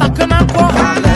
akana ko